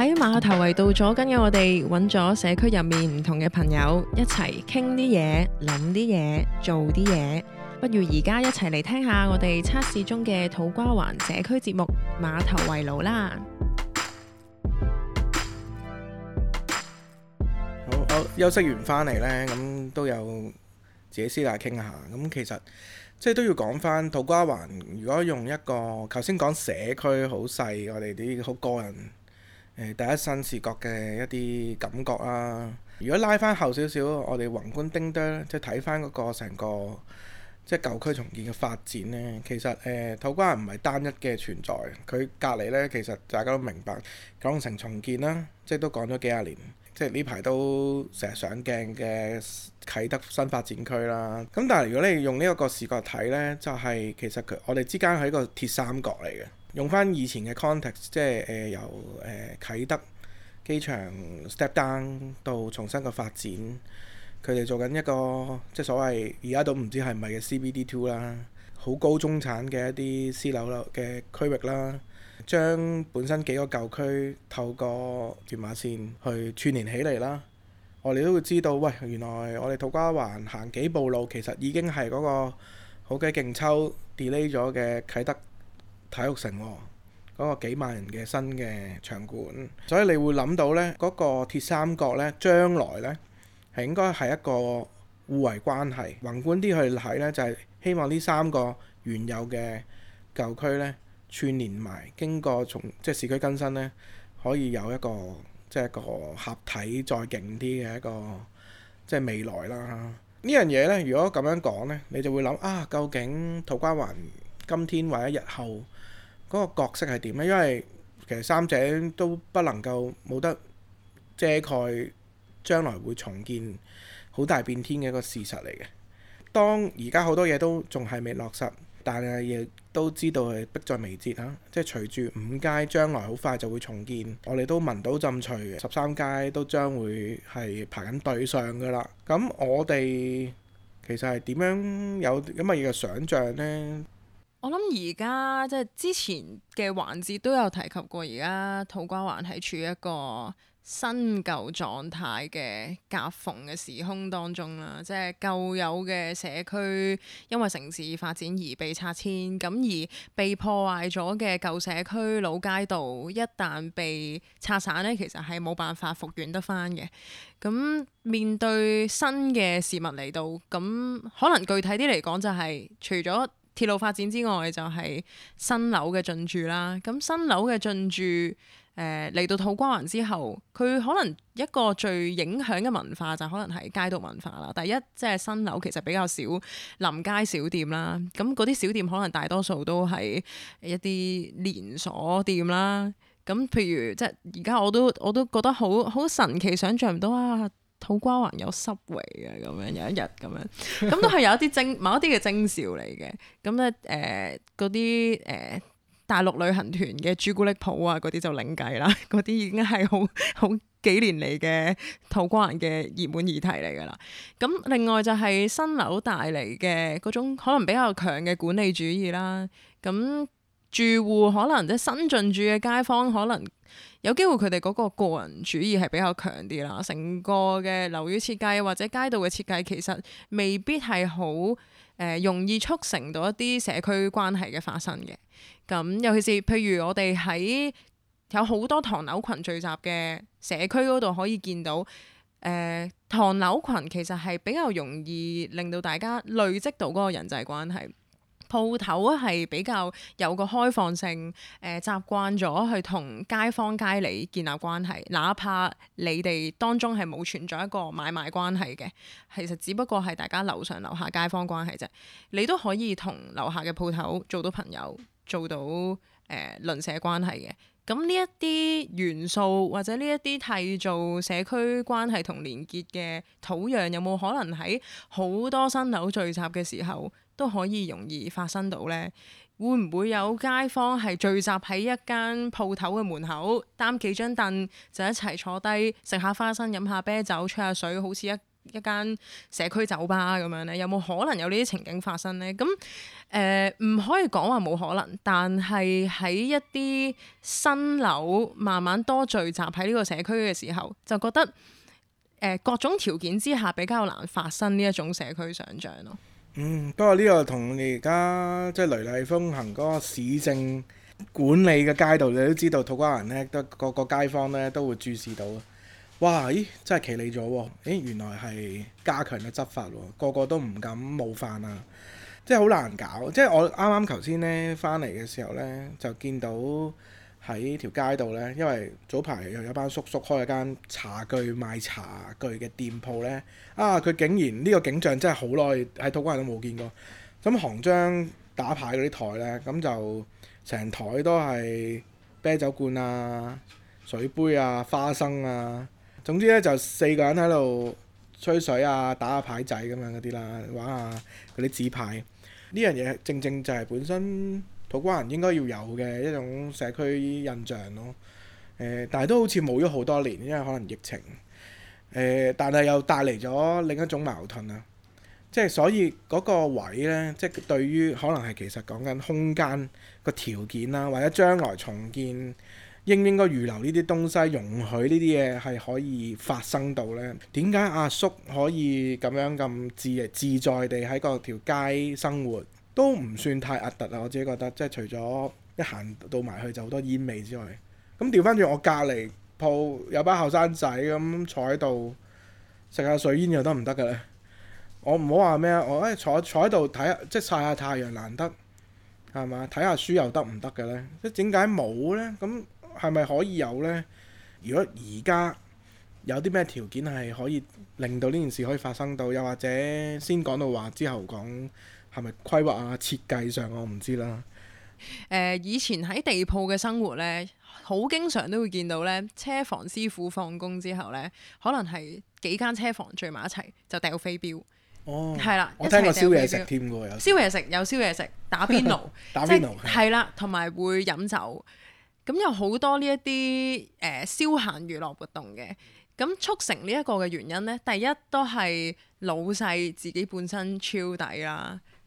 喺馬頭圍到咗，今日我哋揾咗社區入面唔同嘅朋友一齊傾啲嘢，諗啲嘢，做啲嘢。不如而家一齊嚟聽下我哋測試中嘅土瓜灣社區節目《馬頭圍爐》啦。好，我休息完返嚟呢，咁都有自己私下傾下。咁其實即係都要講翻土瓜灣。如果用一個頭先講社區好細，我哋啲好個人。誒第一身視角嘅一啲感覺啦、啊，如果拉翻後少少，我哋宏觀盯多咧，即係睇翻嗰個成個即係舊區重建嘅發展咧。其實誒、呃、土瓜灣唔係單一嘅存在，佢隔籬咧其實大家都明白，九龍城重建啦，即係都講咗幾廿年，即係呢排都成日上鏡嘅啟德新發展區啦。咁但係如果你用呢、就是、一個視角睇咧，就係其實佢我哋之間係一個鐵三角嚟嘅。用翻以前嘅 context，即係、呃、由誒、呃、啟德機場 step down 到重新嘅發展，佢哋做緊一個即係所謂而家都唔知係唔係嘅 CBD Two 啦，好高中產嘅一啲私樓樓嘅區域啦，將本身幾個舊區透過屯馬線去串連起嚟啦。我哋都會知道，喂，原來我哋土瓜灣行幾步路，其實已經係嗰、嗰個好嘅勁抽 delay 咗嘅啟德。體育城嗰、哦嗰個幾萬人嘅新嘅場館，所以你會諗到呢嗰、嗰個鐵三角呢，將來呢係應該係一個互為關係。宏觀啲去睇呢，就係、是、希望呢三個原有嘅舊區呢串連埋，經過從即係市區更新呢，可以有一個即係一個合體再勁啲嘅一個即係未來啦。呢樣嘢呢，如果咁樣講呢，你就會諗啊，究竟土瓜灣今天或者日後，嗰個角色係點呢？因為其實三井都不能夠冇得遮蓋將來會重建好大變天嘅一個事實嚟嘅。當而家好多嘢都仲係未落實，但係亦都知道係迫在眉睫啦。即係隨住五街將來好快就會重建，我哋都聞到陣趣，十三街都將會係排緊隊上㗎啦。咁我哋其實係點樣有咁嘅嘢嘅想像呢？我諗而家即係之前嘅環節都有提及過，而家土瓜灣係處一個新舊狀態嘅夾縫嘅時空當中啦。即係舊有嘅社區因為城市發展而被拆遷，咁而被破壞咗嘅舊社區老街道，一旦被拆散咧，其實係冇辦法復原得翻嘅。咁面對新嘅事物嚟到，咁可能具體啲嚟講就係除咗鐵路發展之外，就係、是、新樓嘅進駐啦。咁新樓嘅進駐，誒、呃、嚟到土瓜灣之後，佢可能一個最影響嘅文化就可能係街道文化啦。第一，即係新樓其實比較少臨街小店啦。咁嗰啲小店可能大多數都係一啲連鎖店啦。咁譬如即係而家我都我都覺得好好神奇，想像唔到啊！土瓜灣有濕位嘅咁樣，樣有一日咁樣，咁都係有一啲精某一啲嘅徵兆嚟嘅。咁咧誒，嗰啲誒大陸旅行團嘅朱古力鋪啊，嗰啲就另計啦。嗰啲已經係好好幾年嚟嘅土瓜灣嘅熱門議題嚟噶啦。咁另外就係新樓帶嚟嘅嗰種可能比較強嘅管理主義啦。咁住戶可能即新進住嘅街坊，可能有機會佢哋嗰個個人主義係比較強啲啦。成個嘅樓宇設計或者街道嘅設計，其實未必係好，呃、容易促成到一啲社區關係嘅發生嘅。咁尤其是譬如我哋喺有好多唐樓群聚集嘅社區嗰度可以見到，誒、呃、唐樓群其實係比較容易令到大家累積到嗰個人際關係。鋪頭係比較有個開放性，誒、呃、習慣咗去同街坊街里建立關係，哪怕你哋當中係冇存在一個買賣關係嘅，其實只不過係大家樓上樓下街坊關係啫，你都可以同樓下嘅鋪頭做到朋友，做到誒、呃、鄰舍關係嘅。咁呢一啲元素或者呢一啲締造社區關係同連結嘅土壤，有冇可能喺好多新樓聚集嘅時候？都可以容易發生到呢？會唔會有街坊係聚集喺一間鋪頭嘅門口擔幾張凳就一齊坐低食下花生飲下啤酒吹下水，好似一一間社區酒吧咁樣呢？有冇可能有呢啲情景發生呢？咁誒唔可以講話冇可能，但係喺一啲新樓慢慢多聚集喺呢個社區嘅時候，就覺得、呃、各種條件之下比較難發生呢一種社區想像咯。嗯，不過呢個同你而家即係雷厲風行嗰個市政管理嘅街道，你都知道土瓜灣呢都個個街坊呢都會注視到。哇！咦，真係企理咗喎？咦，原來係加強嘅執法喎、啊，個個都唔敢冒犯啊！即係好難搞。即係我啱啱頭先呢翻嚟嘅時候呢，就見到。喺條街度呢，因為早排又有班叔叔開咗間茶具賣茶具嘅店鋪呢。啊！佢竟然呢、呢個景象真係好耐喺土瓜灣都冇見過。咁、嗯、行張打牌嗰啲台呢，咁就成台都係啤酒罐啊、水杯啊、花生啊，總之呢，就四個人喺度吹水啊、打下牌仔咁樣嗰啲啦，玩下嗰啲紙牌。呢樣嘢正正就係本身土瓜人應該要有嘅一種社區印象咯，呃、但係都好似冇咗好多年，因為可能疫情，呃、但係又帶嚟咗另一種矛盾啊，即係所以嗰個位呢，即係對於可能係其實講緊空間個條件啦，或者將來重建應唔應該預留呢啲東西，容許呢啲嘢係可以發生到呢？點解阿叔可以咁樣咁自自在地喺嗰條街生活？都唔算太核突啦！我自己覺得，即係除咗一行到埋去就好多煙味之外，咁調翻轉我隔離鋪有班後生仔咁坐喺度食下水煙又得唔得嘅呢？我唔好話咩啊！我誒、欸、坐坐喺度睇下，即係曬下太陽難得係嘛？睇下書又得唔得嘅呢？即係點解冇呢？咁係咪可以有呢？如果而家有啲咩條件係可以令到呢件事可以發生到，又或者先講到話之後講？係咪規劃啊、設計上我唔知啦。誒、呃，以前喺地鋪嘅生活咧，好經常都會見到咧，車房師傅放工之後咧，可能係幾間車房聚埋一齊就掉飛鏢。哦，係啦，一我聽過燒嘢食添嘅喎，燒有燒嘢食，有燒嘢食，打邊爐， 打邊爐係啦，同埋、就是、 會飲酒。咁有好多呢一啲誒消閒娛樂活動嘅。咁促成呢一個嘅原因咧，第一都係老細自己本身超抵啦。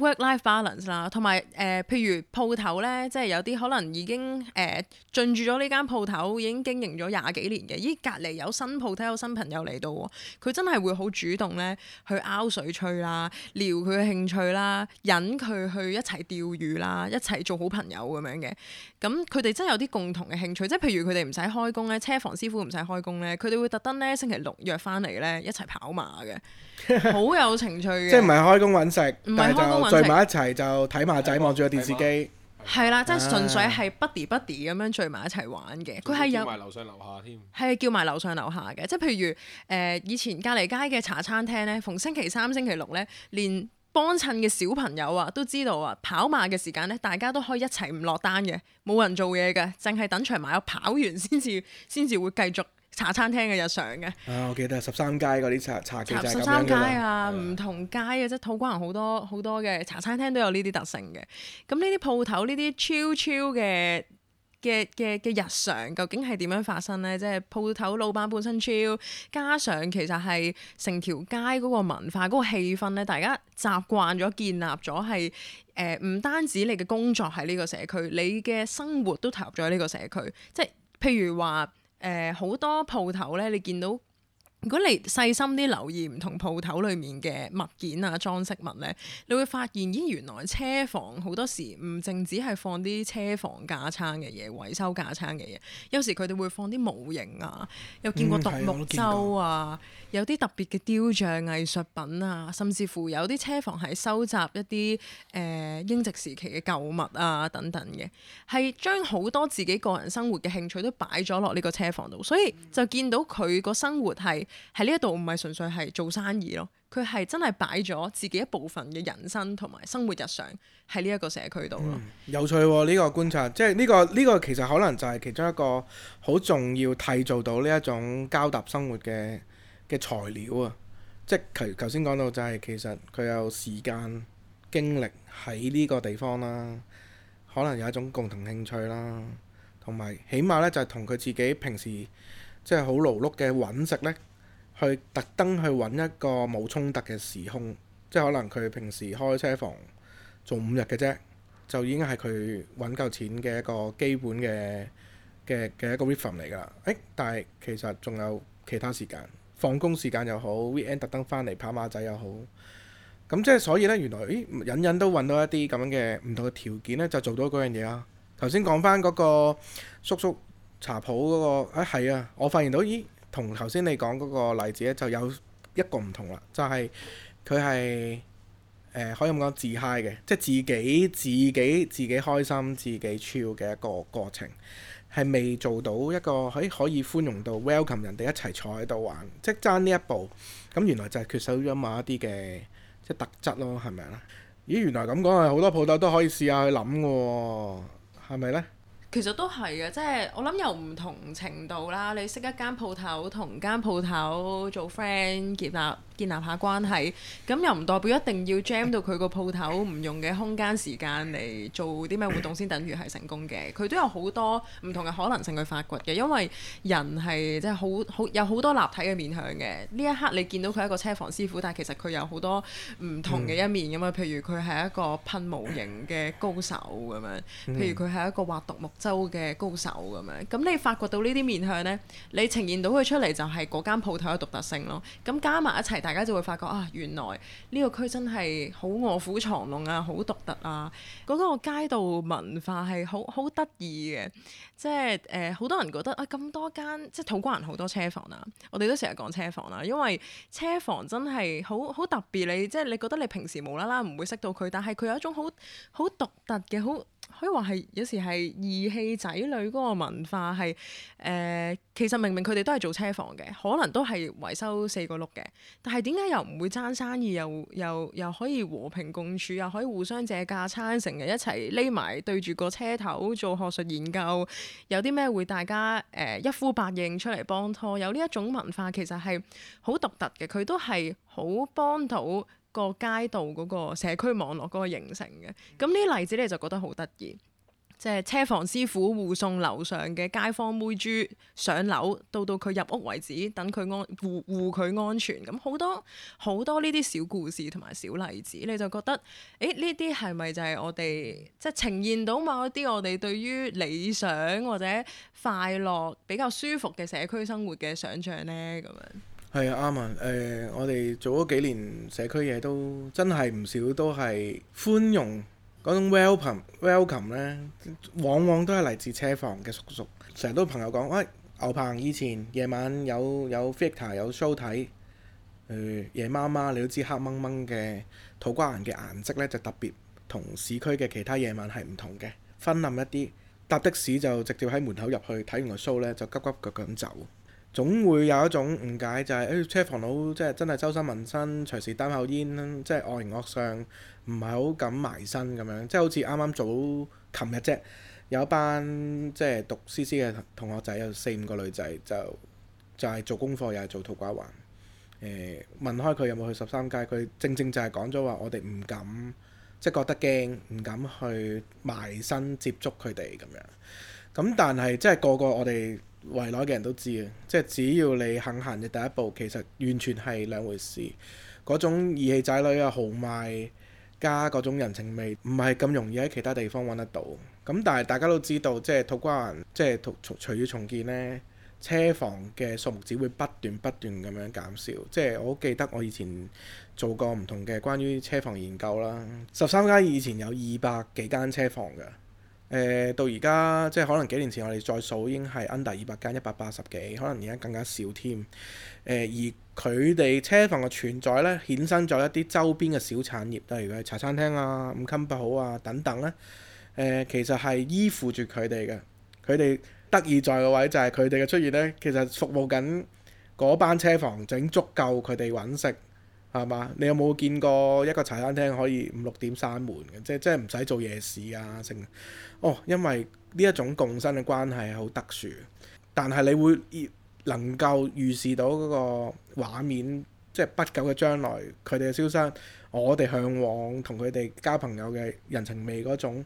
work-life balance 啦，同埋誒，譬如鋪頭咧，即係有啲可能已經誒、呃、進駐咗呢間鋪頭，已經經營咗廿幾年嘅，咦，隔離有新鋪頭有新朋友嚟到，佢真係會好主動咧去拗水吹啦，撩佢嘅興趣啦，引佢去一齊釣魚啦，一齊做好朋友咁樣嘅。咁佢哋真係有啲共同嘅興趣，即係譬如佢哋唔使開工咧，車房師傅唔使開工咧，佢哋會特登咧星期六約翻嚟咧一齊跑馬嘅，好有情趣嘅。 即係唔係開工揾食？唔係開工聚埋一齊就睇馬仔，望住個電視機。係啦，即係、啊、純粹係 body body 咁樣聚埋一齊玩嘅。佢係、啊、有埋樓上樓下添。係叫埋樓上樓下嘅，即係譬如誒、呃、以前隔離街嘅茶餐廳咧，逢星期三、星期六咧，連幫襯嘅小朋友啊都知道啊，跑馬嘅時間咧，大家都可以一齊唔落單嘅，冇人做嘢嘅，淨係等場馬跑完先至先至會繼續。茶餐廳嘅日常嘅，啊，我記得十三街嗰啲茶茶餐廳，十三街啊，唔吧同街嘅即係土瓜灣好多好多嘅茶餐廳都有呢啲特性嘅。咁呢啲鋪頭呢啲超超嘅嘅嘅嘅日常，究竟係點樣發生呢？即係鋪頭老闆本身超，加上其實係成條街嗰個文化、嗰個氣氛咧，大家習慣咗、建立咗係誒，唔、呃、單止你嘅工作喺呢個社區，你嘅生活都投入咗喺呢個社區。即係譬如話。誒好多鋪頭咧，你見到。如果你細心啲留意唔同鋪頭裡面嘅物件啊、裝飾物呢，你會發現咦原來車房好多時唔淨止係放啲車房架撐嘅嘢、維修架撐嘅嘢，有時佢哋會放啲模型啊，有見過獨木舟啊，嗯、啊有啲特別嘅雕像藝術品啊，甚至乎有啲車房係收集一啲誒、呃、英殖時期嘅舊物啊等等嘅，係將好多自己個人生活嘅興趣都擺咗落呢個車房度，所以就見到佢個生活係。喺呢一度唔係純粹係做生意咯，佢係真係擺咗自己一部分嘅人生同埋生活日常喺呢一個社區度咯、嗯。有趣呢、哦這個觀察，即係呢、這個呢、這個其實可能就係其中一個好重要締造到呢一種交搭生活嘅嘅材料啊！即係頭先講到就係、是、其實佢有時間經歷喺呢個地方啦，可能有一種共同興趣啦，同埋起碼呢就係同佢自己平時即係好勞碌嘅揾食呢。去特登去揾一個冇衝突嘅時空，即係可能佢平時開車房做五日嘅啫，就已經係佢揾夠錢嘅一個基本嘅嘅嘅一個 rhythm 嚟㗎啦。誒，但係其實仲有其他時間，放工時間又好，weekend 特登返嚟跑馬仔又好，咁即係所以呢，原來咦隱隱都揾到一啲咁樣嘅唔同嘅條件呢，就做到嗰樣嘢啦。頭先講翻嗰個叔叔茶鋪嗰個，啊、哎、係啊，我發現到咦～同頭先你講嗰個例子咧，就有一個唔同啦，就係佢係誒可以咁講自嗨嘅，即係自己自己自己開心、自己 chill 嘅一個過程，係未做到一個喺可，可以寬容到 welcome 人哋一齊坐喺度玩，即係爭呢一步，咁原來就係缺少咗某一啲嘅即係特質咯，係咪啊？咦，原來咁講係好多鋪頭都可以試下去諗嘅喎，係咪呢？其實都係嘅，即係我諗又唔同程度啦。你識一間鋪頭同間鋪頭做 friend 結納建立，建立下關係，咁又唔代表一定要 jam 到佢個鋪頭唔用嘅空間時間嚟做啲咩活動先等於係成功嘅。佢都有好多唔同嘅可能性去發掘嘅，因為人係即係好好有好多立體嘅面向嘅。呢一刻你見到佢係一個車房師傅，但係其實佢有好多唔同嘅一面噶嘛。譬、嗯、如佢係一個噴模型嘅高手咁樣，譬、嗯、如佢係一個畫獨木。州嘅高手咁樣，咁你發覺到呢啲面向呢？你呈現到佢出嚟就係嗰間鋪頭嘅獨特性咯。咁加埋一齊，大家就會發覺啊，原來呢個區真係好卧虎藏龍啊，好獨特啊，嗰、那個街道文化係好好得意嘅。即係誒，好、呃、多人覺得啊，咁多間即係土瓜灣好多車房啊，我哋都成日講車房啦、啊，因為車房真係好好特別。你即係、就是、你覺得你平時無啦啦唔會識到佢，但係佢有一種好好獨特嘅好。可以話係有時係義氣仔女嗰個文化係誒、呃，其實明明佢哋都係做車房嘅，可能都係維修四個轆嘅，但係點解又唔會爭生意，又又又可以和平共處，又可以互相借架撐，成日一齊匿埋對住個車頭做學術研究，有啲咩會大家誒、呃、一呼百應出嚟幫拖？有呢一種文化其實係好獨特嘅，佢都係好幫到個街道嗰個社區網絡嗰個形成嘅，咁呢啲例子你就覺得好得意，即係車房師傅護送樓上嘅街坊妹豬上樓，到到佢入屋為止，等佢安護護佢安全，咁好多好多呢啲小故事同埋小例子，你就覺得，誒呢啲係咪就係我哋即係呈現到某一啲我哋對於理想或者快樂比較舒服嘅社區生活嘅想像呢？」咁樣？係啊，啱啊！誒，我哋做咗幾年社區嘢，都真係唔少都係寬容嗰種 welcome，welcome 呢往往都係嚟自車房嘅叔叔。成日都朋友講，喂、哎、牛棚以前夜晚有有 fitter 有 show 睇、呃，夜媽媽你都知黑掹掹嘅土瓜灣嘅顏色呢，就特別同市區嘅其他夜晚係唔同嘅，昏暗一啲，搭的士就直接喺門口入去睇完個 show 呢，就急急腳咁走。總會有一種誤解、就是，就係誒車房佬即係真係周身紋身，隨時擔口煙，即係惡形惡相唔係好敢埋身咁樣。即係好似啱啱早琴日啫，有一班即係讀 C.C. 嘅同學仔，有四五個女仔就就係、是、做功課，又係做土瓜灣。誒、呃、問開佢有冇去十三街，佢正正就係講咗話，我哋唔敢即係覺得驚，唔敢去埋身接觸佢哋咁樣。咁但係即係個個我哋。圍內嘅人都知啊，即係只要你肯行嘅第一步，其實完全係兩回事。嗰種義氣仔女啊，豪邁加嗰種人情味，唔係咁容易喺其他地方揾得到。咁但係大家都知道，即係土瓜灣即係隨隨住重建呢，車房嘅數目只會不斷不斷咁樣減少。即係我好記得我以前做過唔同嘅關於車房研究啦。十三街以前有二百幾間車房㗎。誒、呃、到而家即係可能幾年前，我哋再數已經係 under 二百間，一百八十幾，可能而家更加少添、呃。而佢哋車房嘅存在呢，衍生咗一啲周邊嘅小產業，例如茶餐廳啊、五金不好啊等等呢、呃、其實係依附住佢哋嘅，佢哋得意在嘅位就係佢哋嘅出現呢，其實服務緊嗰班車房整足夠佢哋搵食。係嘛？你有冇見過一個茶餐廳可以五六點閂門嘅？即即係唔使做夜市啊！成哦，因為呢一種共生嘅關係係好特殊，但係你會能夠預視到嗰個畫面，即係不久嘅將來佢哋嘅消失，我哋向往同佢哋交朋友嘅人情味嗰種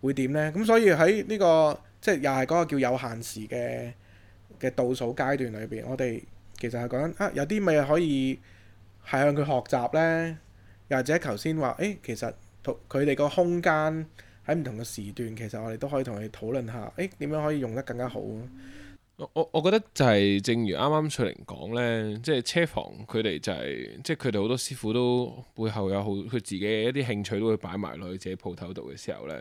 會點呢？咁所以喺呢個即係又係嗰個叫有限時嘅嘅倒數階段裏邊，我哋其實係講啊，有啲咩可以。係向佢學習呢，又或者頭先話，誒、欸、其實同佢哋個空間喺唔同嘅時段，其實我哋都可以同佢討論下，誒、欸、點樣可以用得更加好。我我我覺得就係正如啱啱瑞玲講呢，即係車房佢哋就係、是，即係佢哋好多師傅都背後有好佢自己嘅一啲興趣都會擺埋落去自己鋪頭度嘅時候呢。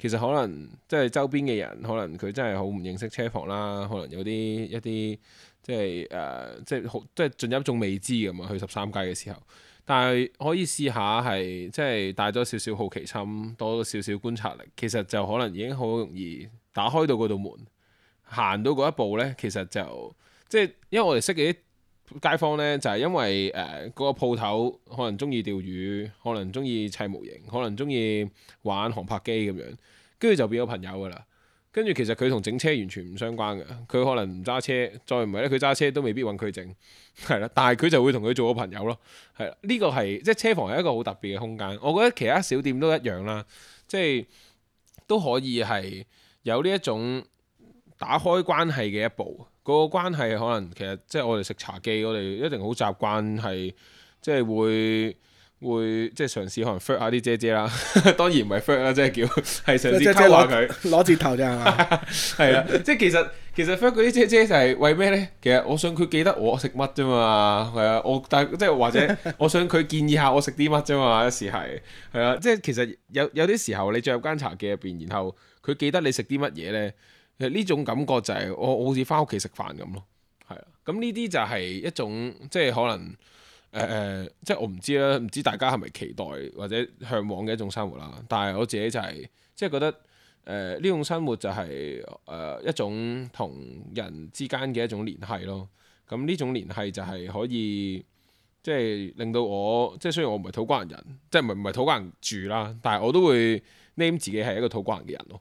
其實可能即係周邊嘅人，可能佢真係好唔認識車房啦，可能有啲一啲即係誒，即係好、呃、即係進入一種未知㗎嘛，去十三街嘅時候。但係可以試下係即係帶多少少好奇心，多少少觀察力，其實就可能已經好容易打開到嗰道門，行到嗰一步呢，其實就即係因為我哋識嘅啲。街坊呢，就係因為誒嗰個鋪頭可能中意釣魚，可能中意砌模型，可能中意玩航拍機咁樣，跟住就變咗朋友噶啦。跟住其實佢同整車完全唔相關嘅，佢可能唔揸車，再唔係呢，佢揸車都未必揾佢整，係啦。但係佢就會同佢做個朋友咯。係。呢個係即係車房係一個好特別嘅空間。我覺得其他小店都一樣啦，即係都可以係有呢一種打開關係嘅一步。嗰個關係可能其實即係我哋食茶記，我哋一定好習慣係即係會會即係、就是、嘗試可能 friend 下啲姐姐啦， 當然唔係 friend 啦，即、就、係、是、叫係嘗試溝下佢攞折頭啫係啊！即係其實其實 friend 嗰啲姐姐就係為咩咧？其實我想佢記得我食乜啫嘛係啊！我但即係或者我想佢建議下我食啲乜啫嘛一時係係啊！即係其實有有啲時候你進入間茶記入邊，然後佢記得你食啲乜嘢咧？其實呢種感覺就係、是嗯、我好似翻屋企食飯咁咯，係啊，咁呢啲就係一種即係、就是、可能誒誒，即、嗯、係、嗯就是、我唔知啦，唔知大家係咪期待或者向往嘅一種生活啦。但係我自己就係即係覺得誒呢、呃、種生活就係、是、誒、呃、一種同人之間嘅一種聯繫咯。咁、嗯、呢種聯繫就係可以即係令到我即係雖然我唔係土瓜灣人，人，即係唔係唔係土瓜灣住啦，但係我都會 name 自己係一個土瓜灣嘅人咯。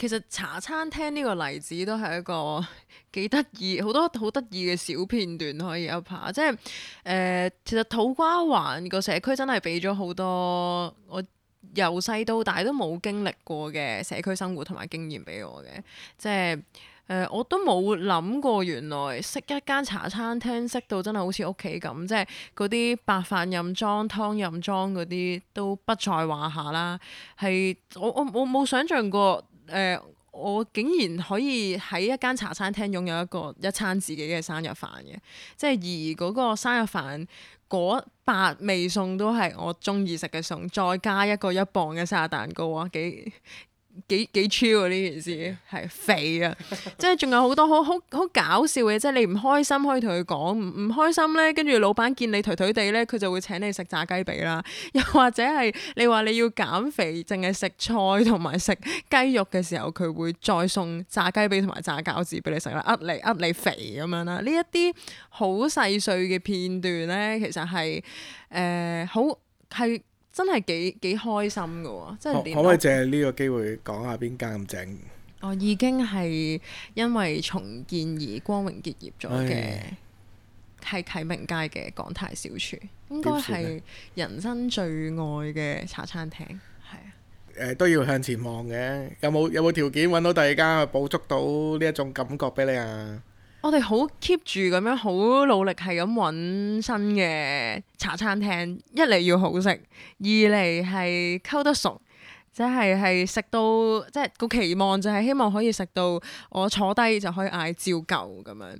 其實茶餐廳呢個例子都係一個幾得意，好多好得意嘅小片段可以 up 下，即係誒、呃，其實土瓜灣個社區真係俾咗好多我由細到大都冇經歷過嘅社區生活同埋經驗俾我嘅，即係誒、呃、我都冇諗過，原來識一間茶餐廳識到真係好似屋企咁，即係嗰啲白飯任裝湯任裝嗰啲都不在話下啦。係，我我我冇想象過。誒、呃，我竟然可以喺一間茶餐廳擁有一個一餐自己嘅生日飯嘅，即係而嗰個生日飯嗰八味餸都係我鍾意食嘅餸，再加一個一磅嘅生日蛋糕啊，幾～幾幾超啊！呢件事係肥啊，即係仲有好多好好好搞笑嘅，即係你唔開心可以同佢講，唔唔開心咧，跟住老闆見你頹頹地咧，佢就會請你食炸雞髀啦。又或者係你話你要減肥，淨係食菜同埋食雞肉嘅時候，佢會再送炸雞髀同埋炸餃子俾你食啦，呃，你呃，你肥咁樣啦。呢一啲好細碎嘅片段咧，其實係誒好係。真係幾幾開心噶，真係可唔可以借呢個機會講下邊間咁正？哦，已經係因為重建而光榮結業咗嘅，係啟明街嘅港泰小廚，應該係人生最愛嘅茶餐廳。係啊、呃，都要向前望嘅，有冇有冇條件揾到第二間去捕捉到呢一種感覺俾你啊？我哋好 keep 住咁樣，好努力係咁揾新嘅茶餐廳。一嚟要好食，二嚟係溝得熟，即係係食到即係、就係、個期望就係希望可以食到我坐低就可以嗌照舊咁樣。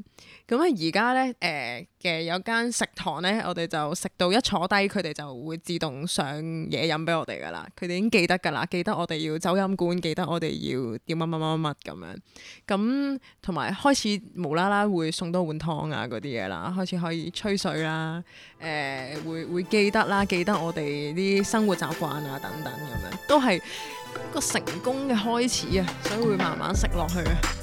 咁啊，而家呢，誒、呃、嘅有間食堂呢，我哋就食到一坐低，佢哋就會自動上嘢飲俾我哋㗎喇，佢哋已經記得㗎喇，記得我哋要走飲管，記得我哋要點乜乜乜乜咁樣，咁同埋開始無啦啦會送多碗湯啊嗰啲嘢啦，開始可以吹水啦，誒、呃、會會記得啦，記得我哋啲生活習慣啊等等咁樣，都係個成功嘅開始啊，所以會慢慢食落去啊。